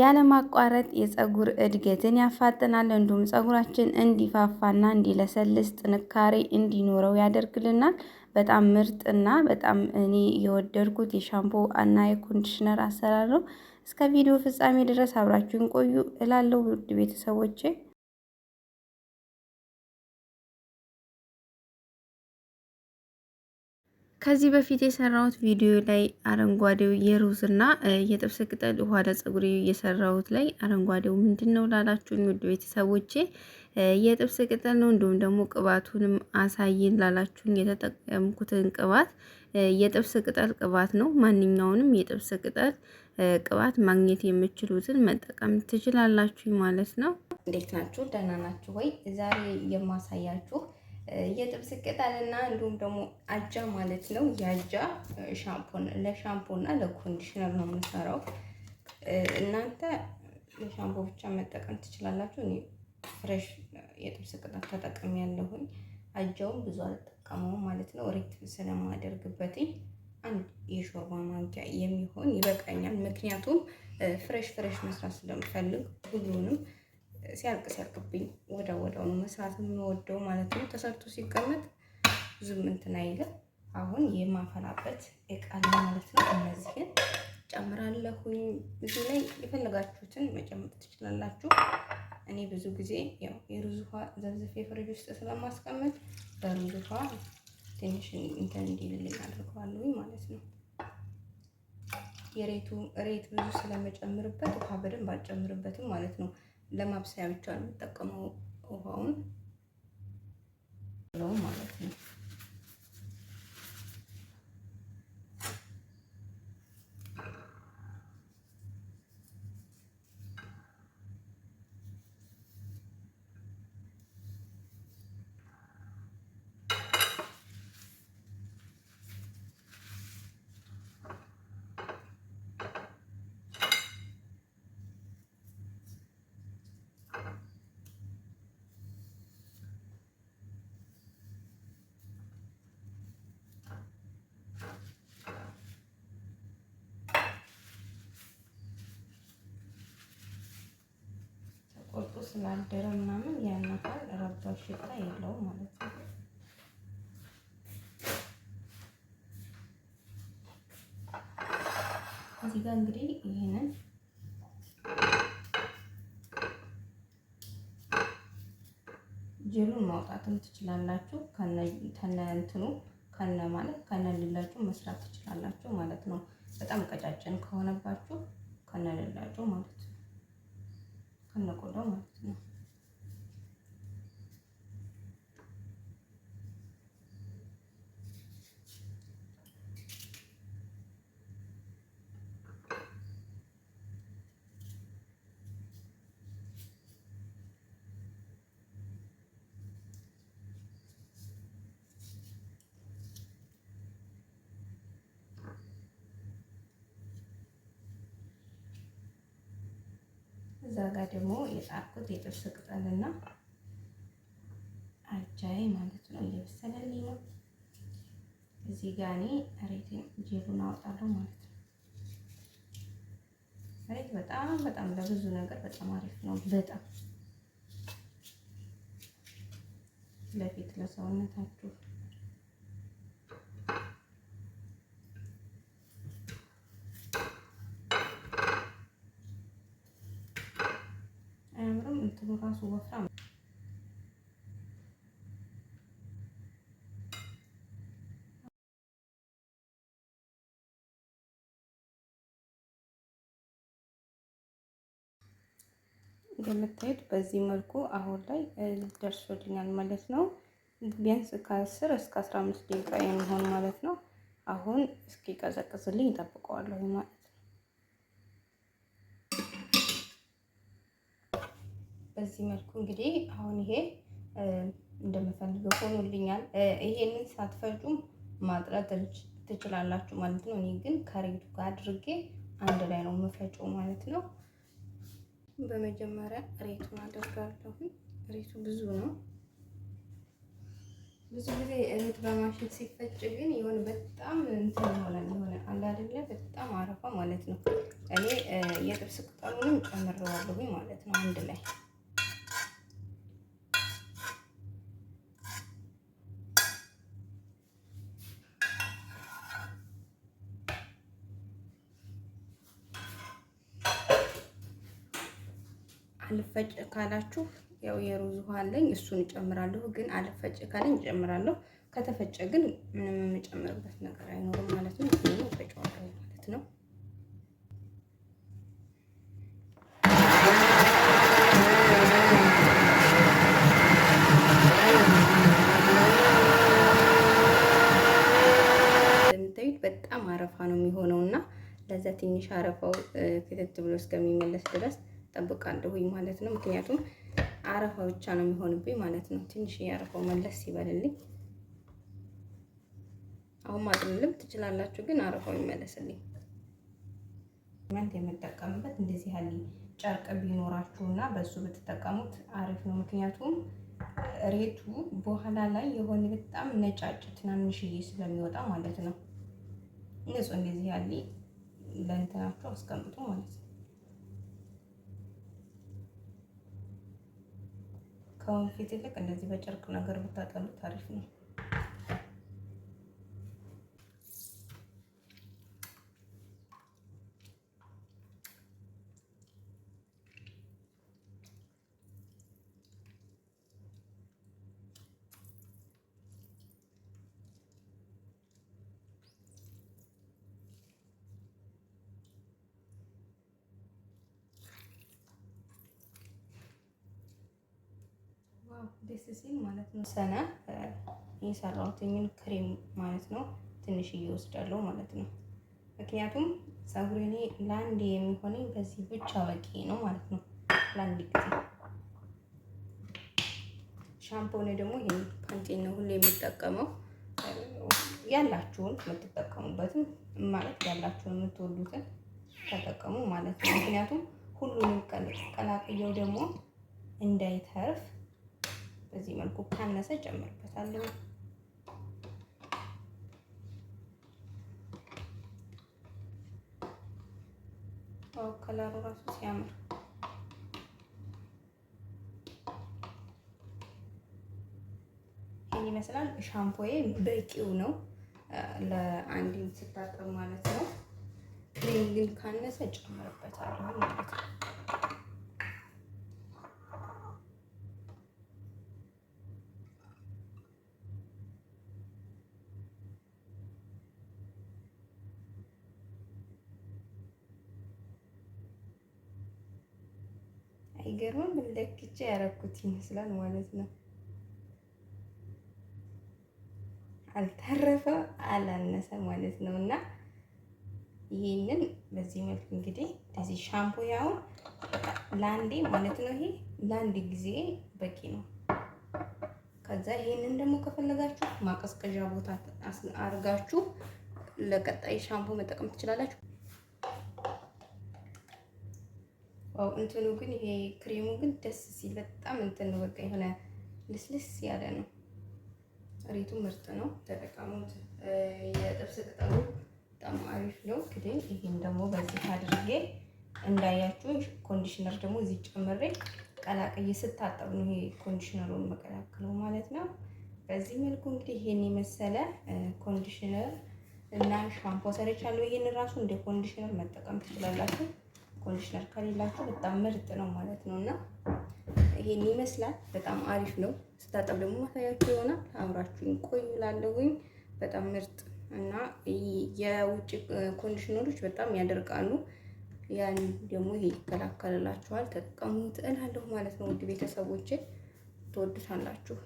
ያለማቋረጥ የፀጉር እድገትን ያፋጥናል። እንዲሁም ፀጉራችን እንዲፋፋና እንዲለሰልስ ጥንካሬ እንዲኖረው ያደርግልናል። በጣም ምርጥና በጣም እኔ የወደድኩት የሻምፖ እና የኮንዲሽነር አሰራር ነው። እስከ ቪዲዮ ፍጻሜ ድረስ አብራችሁን ቆዩ እላለሁ ውድ ቤተሰቦቼ። ከዚህ በፊት የሰራሁት ቪዲዮ ላይ አረንጓዴው የሩዝና የጥብስ ቅጠል ውሃ ለፀጉሬ የሰራሁት ላይ አረንጓዴው ምንድን ነው ላላችሁኝ ውድ ቤተሰቦቼ የጥብስ ቅጠል ነው። እንዲሁም ደግሞ ቅባቱንም አሳይን ላላችሁኝ የተጠቀምኩትን ቅባት የጥብስ ቅጠል ቅባት ነው። ማንኛውንም የጥብስ ቅጠል ቅባት ማግኘት የምችሉትን መጠቀም ትችላላችሁ ማለት ነው። እንዴት ናችሁ? ደህና ናችሁ ወይ? ዛሬ የማሳያችሁ የጥብስ ቅጠልና እንዲሁም ደግሞ አጃ ማለት ነው። የአጃ ሻምፖን ለሻምፖና ለኮንዲሽነር ነው የምንሰራው። እናንተ ለሻምፖ ብቻ መጠቀም ትችላላችሁ። እኔ ፍሬሽ የጥብስ ቅጠል ተጠቀም ያለሁኝ አጃውን ብዙ አልጠቀመውም ማለት ነው። ሬት ስለማደርግበት አንድ የሾርባ ማንኪያ የሚሆን ይበቃኛል። ምክንያቱም ፍሬሽ ፍሬሽ መስራት ስለምፈልግ ሁሉንም ሲያልቅ ሲያልቅብኝ ወደ ወዳው መስራት የሚወደው ማለት ነው። ተሰርቶ ሲቀመጥ ብዙም እንትን አይልም። አሁን የማፈላበት እቃ ማለት ነው። እነዚህን ጨምራለሁኝ። ብዙ ላይ የፈለጋችሁትን መጨመር ትችላላችሁ። እኔ ብዙ ጊዜ ያው የሩዝ ውሃ ዘብዝፌ ፍሪጅ ውስጥ ስለማስቀመጥ በሩዝ ውሃ ትንሽ እንትን እንዲልልኝ አድርገዋለሁኝ ማለት ነው። የሬቱ ሬት ብዙ ስለመጨምርበት ውሃ በደንብ አልጨምርበትም ማለት ነው። ለማብሰያ ብቻ ነው የምጠቀመው ውሃውን ማለት ነው። ስላደረ ምናምን ያን ረባ ሽታ የለውም ማለት ነው። እዚህ ጋር እንግዲህ ይህንን ጀሉን ማውጣትም ትችላላችሁ። ከነ እንትኑ ከነ ማለት ከነ ልላችሁ መስራት ትችላላችሁ ማለት ነው። በጣም ቀጫጭን ከሆነባችሁ ከነ ልላችሁ ማለት ነው። ከነቆዳው ማለት ነው። እዛ ጋር ደግሞ የጣርኩት የጥብስ ቅጠልና አጃይ ማለት ነው እየበሰለልኝ ነው። እዚህ ጋ እኔ እሬቴን ጄሉን አወጣለሁ ማለት ነው። እሬት በጣም በጣም ለብዙ ነገር በጣም አሪፍ ነው። በጣም ለፊት ለሰውነታችሁ ራሱ ወፍራም እንደምታዩት በዚህ መልኩ አሁን ላይ ደርሶልኛል ማለት ነው። ቢያንስ ከአስር እስከ አስራ ደቂቃ የሚሆን ማለት ነው። አሁን እስኪቀዘቅዝልኝ ይጠብቀዋለሁ ማለት ነው። በዚህ መልኩ እንግዲህ አሁን ይሄ እንደምፈልገው ሆኖልኛል። ይሄንን ሳትፈጩም ማጥራት ትችላላችሁ ማለት ነው። እኔ ግን ከሬቱ ጋር አድርጌ አንድ ላይ ነው የምፈጨው ማለት ነው። በመጀመሪያ ሬቱን አደርጋለሁ። ሬቱ ብዙ ነው። ብዙ ጊዜ ሬት በማሽን ሲፈጭ ግን የሆነ በጣም እንትን ይሆናል። የሆነ አለ አይደለ? በጣም አረፋ ማለት ነው። እኔ የጥብስ ቅጠሉንም ጨምረዋለሁ ማለት ነው አንድ ላይ አልፈጭ ካላችሁ ያው የሩዝ ውሃ አለኝ እሱን እጨምራለሁ። ግን አልፈጭ ካለኝ እጨምራለሁ። ከተፈጨ ግን ምንም የምጨምርበት ነገር አይኖርም ማለት ነው። ሁሉ ማለት ነው። እንደምታዩት በጣም አረፋ ነው የሚሆነው እና ለዛ ትንሽ አረፋው ክትት ብሎ እስከሚመለስ ድረስ ጠብቃለሁኝ ማለት ነው። ምክንያቱም አረፋ ብቻ ነው የሚሆንብኝ ማለት ነው። ትንሽ የአረፋው መለስ ይበልልኝ። አሁን ማጥምልም ትችላላችሁ፣ ግን አረፋው ይመለስልኝ። መንት የምጠቀምበት እንደዚህ ያለ ጨርቅ ቢኖራችሁ እና በሱ ብትጠቀሙት አሪፍ ነው። ምክንያቱም ሬቱ በኋላ ላይ የሆነ በጣም ነጫጭ ትናንሽዬ ስለሚወጣ ማለት ነው። ንጹህ እንደዚህ ያለ ለእንትናችሁ አስቀምጡ ማለት ነው። ከወንፊት ይልቅ እንደዚህ በጨርቅ ነገር ብታጠሉት አሪፍ ነው። ደስ ሲል ማለት ነው። ሰነ የሰራሁትኝን ክሬም ማለት ነው ትንሽ እየወስዳለሁ ማለት ነው። ምክንያቱም ፀጉሬ እኔ ለአንዴ የሚሆነኝ በዚህ ብቻ በቂ ነው ማለት ነው። ለአንድ ጊዜ ሻምፖ ነው ደግሞ ይሄ ፓንቴን ነው ሁሌ የምጠቀመው። ያላችሁን የምትጠቀሙበትን ማለት ያላችሁን የምትወዱትን ተጠቀሙ ማለት ነው። ምክንያቱም ሁሉንም ቀላቅየው ደግሞ እንዳይተርፍ በዚህ መልኩ ካነሰ ጨምርበታለሁ። ዋው ከለሩ ራሱ ሲያምር ይህን ይመስላል። ሻምፖዬ በቂው ነው ለአንድ ስታጠብ ማለት ነው። ግን ካነሰ ጨምርበታለሁ ማለት ነው። አይገርምም? ለክቼ ያረኩት ይመስላል ማለት ነው። አልተረፈ አላነሰ ማለት ነው። እና ይሄንን በዚህ መልኩ እንግዲህ እዚህ ሻምፖ ያውን ለአንዴ ማለት ነው። ይሄ ለአንድ ጊዜ በቂ ነው። ከዛ ይሄንን ደግሞ ከፈለጋችሁ ማቀዝቀዣ ቦታ አርጋችሁ ለቀጣይ ሻምፖ መጠቀም ትችላላችሁ። ዋው እንትኑ ግን ይሄ ክሬሙ ግን ደስ ሲል በጣም እንትን በቃ የሆነ ልስልስ ያለ ነው። ሬቱ ምርጥ ነው፣ ተጠቀሙት። የጥብስ ቅጠሉ በጣም አሪፍ ነው። ግን ይህም ደግሞ በዚህ አድርጌ እንዳያችሁ ኮንዲሽነር ደግሞ እዚህ ጨምሬ ቀላቅዬ ስታጠብ ነው ይሄ ኮንዲሽነሩን መቀላቅለው ማለት ነው። በዚህ መልኩ እንግዲህ ይሄን የመሰለ ኮንዲሽነር እና ሻምፖ ሰርቻለሁ። ይሄን ራሱ እንደ ኮንዲሽነር መጠቀም ትችላላችሁ። ኮንዲሽነር ከሌላችሁ በጣም ምርጥ ነው ማለት ነው እና ይሄን ይመስላል። በጣም አሪፍ ነው። ስታጠብ ደግሞ ማሳያችሁ ይሆናል። አብራችሁን ቆዩ እላለሁኝ። በጣም ምርጥ እና የውጭ ኮንዲሽነሮች በጣም ያደርቃሉ። ያን ደግሞ ይሄ ይከላከልላችኋል። ተጠቀሙት እላለሁ ማለት ነው ውድ ቤተሰቦቼ ትወዱታላችሁ።